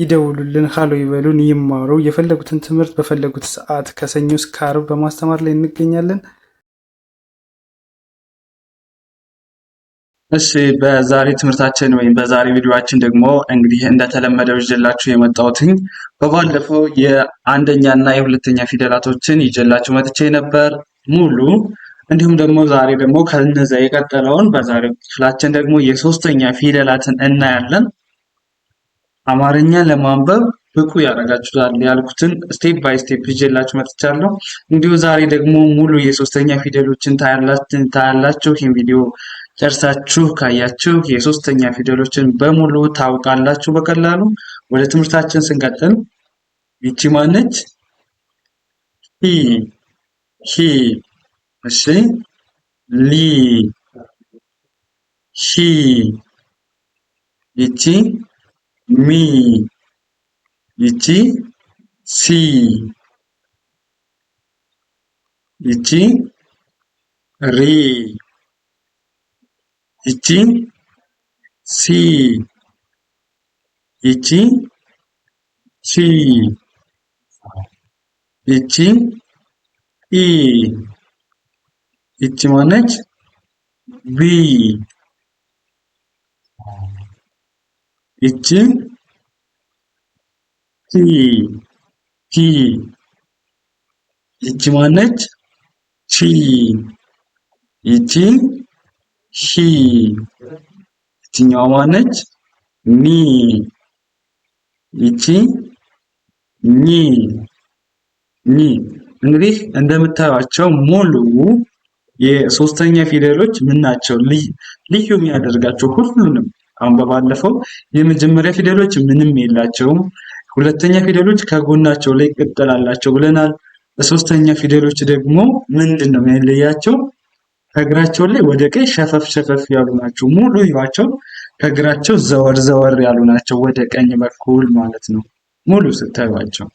ይደውሉልን፣ ሀሎ ይበሉን፣ ይማሩ። የፈለጉትን ትምህርት በፈለጉት ሰዓት ከሰኞ እስከ ዓርብ በማስተማር ላይ እንገኛለን። እሺ በዛሬ ትምህርታችን ወይም በዛሬ ቪዲዮችን ደግሞ እንግዲህ እንደተለመደው ይዤላችሁ የመጣሁትኝ በባለፈው የአንደኛ እና የሁለተኛ ፊደላቶችን ይዤላችሁ መጥቼ ነበር ሙሉ እንዲሁም ደግሞ ዛሬ ደግሞ ከነዛ የቀጠለውን በዛሬው ክፍላችን ደግሞ የሶስተኛ ፊደላትን እናያለን። አማርኛ ለማንበብ ብቁ ያደርጋችኋል ያልኩትን ስቴፕ ባይ ስቴፕ ይዤላችሁ መጥቻለሁ። እንዲሁ ዛሬ ደግሞ ሙሉ የሶስተኛ ፊደሎችን ታያላችሁ። ይህን ቪዲዮ ጨርሳችሁ ካያችሁ የሶስተኛ ፊደሎችን በሙሉ ታውቃላችሁ በቀላሉ። ወደ ትምህርታችን ስንቀጥል ይቺ ማነች? ሂ ሂ። እሺ፣ ሊ ሂ። ይቺ ሚ ይቺ ሲ ይቺ ሪ ይቺ ሲ ይቺ ሲ ይቺ ኢ ይቺ ማነች? ቢ ይችን ሂ ሂ ይቺ ማነች? ቺ ይቺ ሂ ይችኛዋ ማነች? ኒ ይቺ ኒ ኒ እንግዲህ እንደምታዩቸው ሙሉ የሶስተኛ ፊደሎች ምን ናቸው? ልዩ የሚያደርጋቸው ሁሉንም አሁን በባለፈው የመጀመሪያ ፊደሎች ምንም የላቸውም። ሁለተኛ ፊደሎች ከጎናቸው ላይ ቅጠል አላቸው ብለናል። ሶስተኛ ፊደሎች ደግሞ ምንድን ነው የሚለያቸው? ከእግራቸው ላይ ወደ ቀኝ ሸፈፍ ሸፈፍ ያሉ ናቸው። ሙሉ ይዋቸው ከእግራቸው ዘወር ዘወር ያሉ ናቸው፣ ወደ ቀኝ በኩል ማለት ነው። ሙሉ ስታዩዋቸው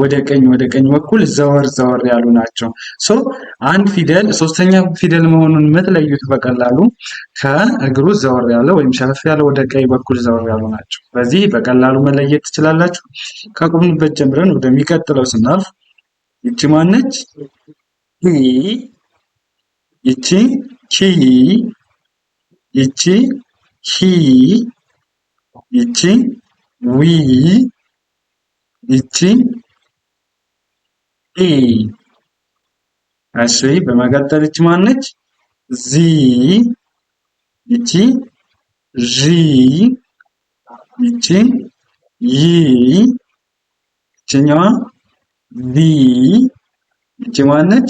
ወደ ቀኝ ወደ ቀኝ በኩል ዘወር ዘወር ያሉ ናቸው። ሶ አንድ ፊደል ሶስተኛ ፊደል መሆኑን የምትለዩት በቀላሉ ከእግሩ ዘወር ያለ ወይም ሸፈፍ ያለ ወደ ቀኝ በኩል ዘወር ያሉ ናቸው። በዚህ በቀላሉ መለየት ትችላላችሁ። ከቆምንበት ጀምረን ወደሚቀጥለው ስናልፍ ይቺ ማነች? ሂ፣ ይቺ ሂ፣ ይቺ ሂ፣ ይቺ ዊ ይቺ ኤ እሺ በመቀጠል ይቺ ማነች? ዚ ይቺ ዢ ይቺ ይ ይችኛዋ ቢ ይቺ ማነች?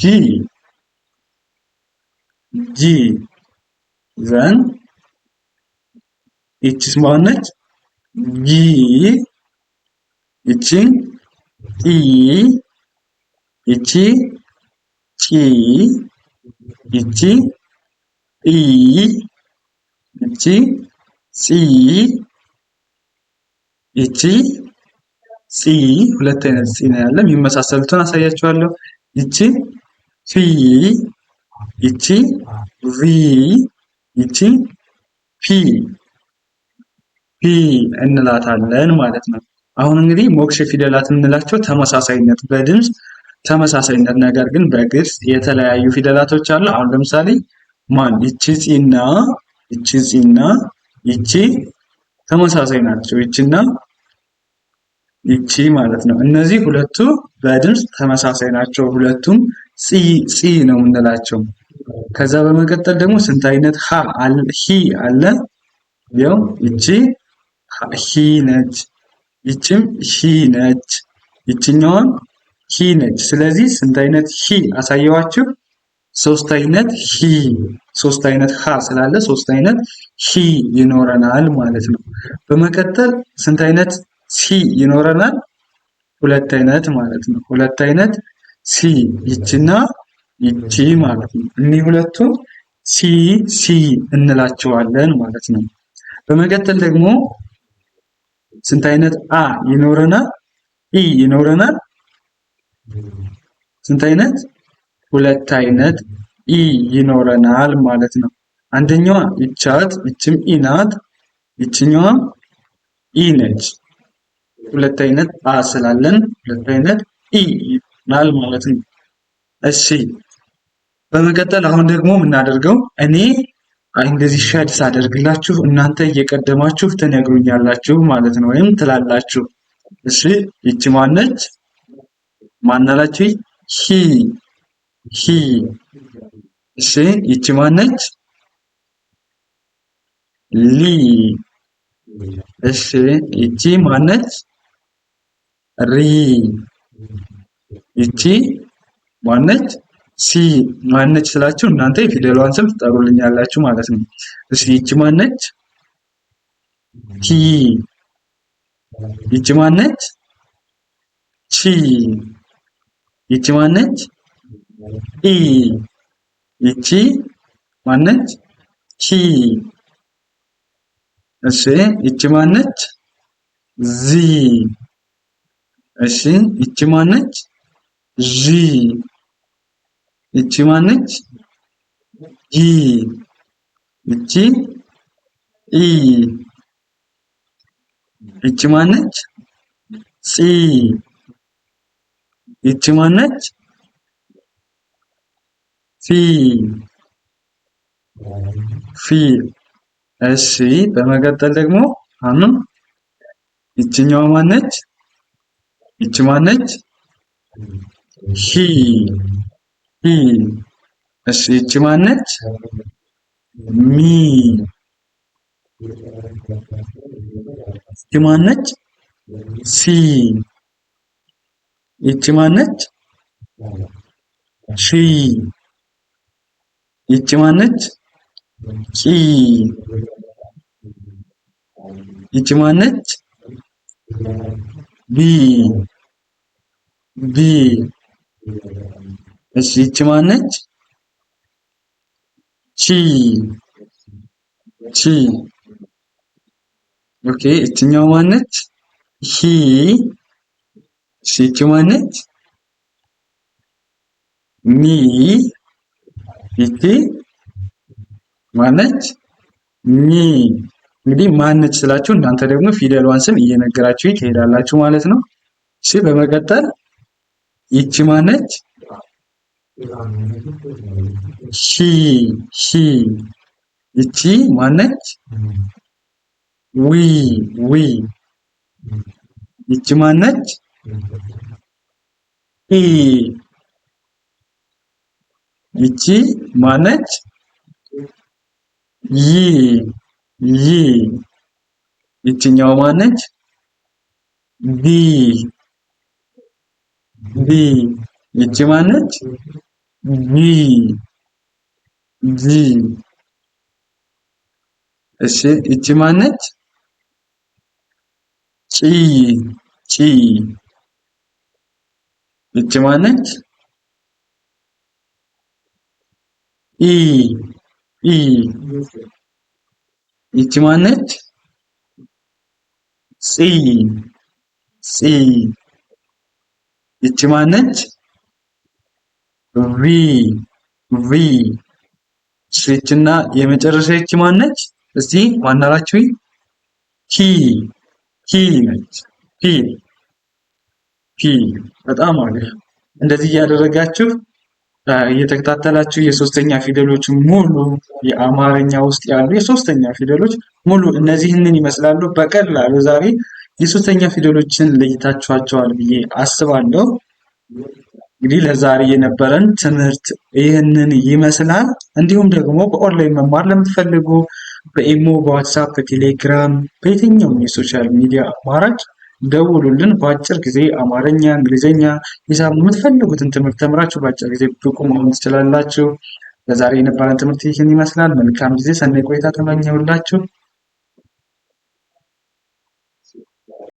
ጂ ጂ ዘን ይቺስ ማነች? ጊ ይቺ ጢ ይቺ ጪ ይቺ ጲ ይቺ ጺ ይቺ ጺ ሁለት አይነት ጺ ነው ያለ። የሚመሳሰሉትን አሳያችኋለሁ። ይቺ ፊ ይቺ ቪ ይቺ ፒ ፒ እንላታለን ማለት ነው። አሁን እንግዲህ ሞክሼ ፊደላት የምንላቸው ተመሳሳይነት በድምፅ ተመሳሳይነት ነገር ግን በግልጽ የተለያዩ ፊደላቶች አሉ። አሁን ለምሳሌ ማን ይቺ ፂና ይቺ ፂና ይቺ ተመሳሳይ ናቸው። ይቺና ይቺ ማለት ነው። እነዚህ ሁለቱ በድምፅ ተመሳሳይ ናቸው። ሁለቱም ፂ ፂ ነው የምንላቸው። ከዛ በመቀጠል ደግሞ ስንት አይነት ሀ አለ ሂ አለ። ያው ይቺ ሂ ነች። ይችም ሂ ነች። ይችኛዋም ሂ ነች። ስለዚህ ስንት አይነት ሂ አሳየዋችሁ? ሶስት አይነት ሂ ሶስት አይነት ሀ ስላለ ሶስት አይነት ሂ ይኖረናል ማለት ነው። በመቀጠል ስንት አይነት ሲ ይኖረናል? ሁለት አይነት ማለት ነው። ሁለት አይነት ሲ ይችና ይቺ ማለት ነው። እኒህ ሁለቱ ሲ ሲ እንላቸዋለን ማለት ነው። በመቀጠል ደግሞ ስንት አይነት አ ይኖረናል? ኢ ይኖረናል። ስንት አይነት? ሁለት አይነት ኢ ይኖረናል ማለት ነው። አንደኛዋ ይቻት ይችም ኢ ናት። ይችኛዋ ኢ ነች። ሁለት አይነት አ ስላለን ሁለት አይነት ኢ ይሆናል ማለት ነው። እሺ በመቀጠል አሁን ደግሞ የምናደርገው እኔ እንደዚህ ሸድ ሳደርግላችሁ እናንተ እየቀደማችሁ ትነግሩኛላችሁ ማለት ነው፣ ወይም ትላላችሁ። እሺ ይቺ ማነች? ማናላችሁ? ሂ ሂ። እሺ ይቺ ማነች? ሊ። እሺ ይቺ ማነች? ሪ። ይቺ ማነች? ሲ ማነች ስላችሁ እናንተ የፊደሏን ስም ትጠሩልኛላችሁ ማለት ነው። እሺ ይቺ ማነች? ቲ ይቺ ማነች? ቺ ይቺ ማነች? ኢ ይቺ ማነች? ቺ። እሺ ይቺ ማነች? ዚ እሺ ይቺ ማነች? ዢ እቺ ማነች? ጂ እቺ ኢ እቺ ማነች? ሲ እቺ ማነች? ፊ ፊ እሺ። በመቀጠል ደግሞ አሁን እቺኛዋ ማነች? እቺ ማነች? ሂ ሂ እሺ ይቺ ማነች? ሚ ይቺ ማነች? ሲ ይቺ ማነች? ሺ ይቺ ማነች? ቂ ይቺ ማነች? ቢ ቢ እሺ ይቺ ማነች? ቺ ቺ። ኦኬ እቺኛው ማነች? ሂ እሺ ይቺ ማነች? ሚ ይቺ ማነች? ሚ እንግዲህ ማነች ስላችሁ እናንተ ደግሞ ፊደሏን ስም እየነገራችሁ ትሄዳላችሁ ማለት ነው። እሺ በመቀጠል ይቺ ማነች? ሺ ሺ ይቺ ማነች? ዊ ዊ ይቺ ማነች? ኢ ይቺ ማነች? ይ ይ ይቺኛው ማነች? ቢ ቢ ይቺ ማነች? ጊ ጊ እሺ እቺ ማነች? ጪ ጪ እቺ ማነች? ኢ ኢ እቺ ማነች? ፂ ፂ እቺ ማነች? ቪ ቪ ሽችና የመጨረሻች ማነች? እስቲ ማናላችሁ? ቲ ቲ ነች። ፒ ፒ በጣም አሪፍ። እንደዚህ እያደረጋችሁ እየተከታተላችሁ የሶስተኛ ፊደሎች ሙሉ የአማርኛ ውስጥ ያሉ የሶስተኛ ፊደሎች ሙሉ እነዚህንን ይመስላሉ። በቀላሉ ዛሬ የሶስተኛ ፊደሎችን ለይታችኋቸዋል ብዬ አስባለሁ። እንግዲህ ለዛሬ የነበረን ትምህርት ይህንን ይመስላል። እንዲሁም ደግሞ በኦንላይን መማር ለምትፈልጉ በኢሞ፣ በዋትሳፕ፣ በቴሌግራም በየትኛውም የሶሻል ሚዲያ አማራጭ ደውሉልን። በአጭር ጊዜ አማርኛ፣ እንግሊዝኛ፣ ሂሳብ የምትፈልጉትን ትምህርት ተምራችሁ በአጭር ጊዜ ብቁ መሆን ትችላላችሁ። ለዛሬ የነበረን ትምህርት ይህን ይመስላል። መልካም ጊዜ፣ ሰናይ ቆይታ ተመኘሁላችሁ።